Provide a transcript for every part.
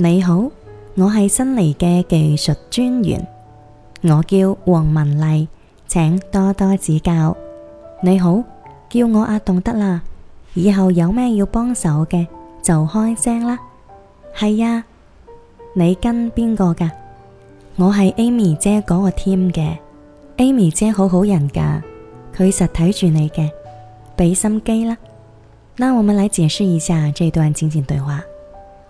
你好，我係新嚟嘅技術專員，我叫王文麗，請多多指教。你好，叫我阿棟得啦，以後有咩要幫手嘅就開聲啦。係呀，你跟邊個噶？我係 am Amy 姐嗰個 team 嘅，Amy 姐好好人噶，佢實睇住你嘅。畀心機啦。那我們來解釋一下這段情景對話。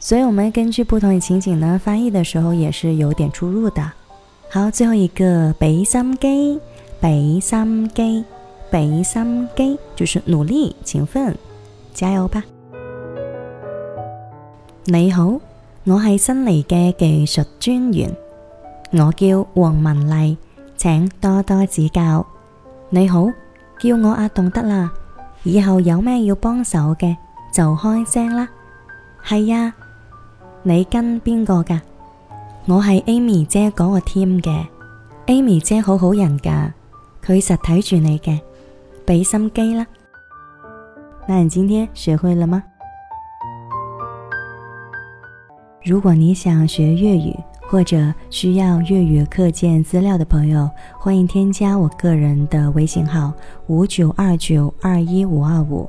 所以我們根據不同的情景呢，翻譯的時候也是有點出入的。好，最後一個“畀心機”，畀心機，畀心機，就是努力、勤奮，加油吧！你好，我係新嚟嘅技術專員，我叫王文麗，請多多指教。你好，叫我阿棟得啦，以後有咩要幫手嘅就開聲啦。係呀。你跟邊個噶？我係 am Amy 姐嗰個 team 嘅，Amy 姐好好人噶，佢實睇住你嘅，畀心機啦。那你今天學會了嗎？如果你想學粵語或者需要粵語課件資料的朋友，歡迎添加我個人的微信號五九二九二一五二五。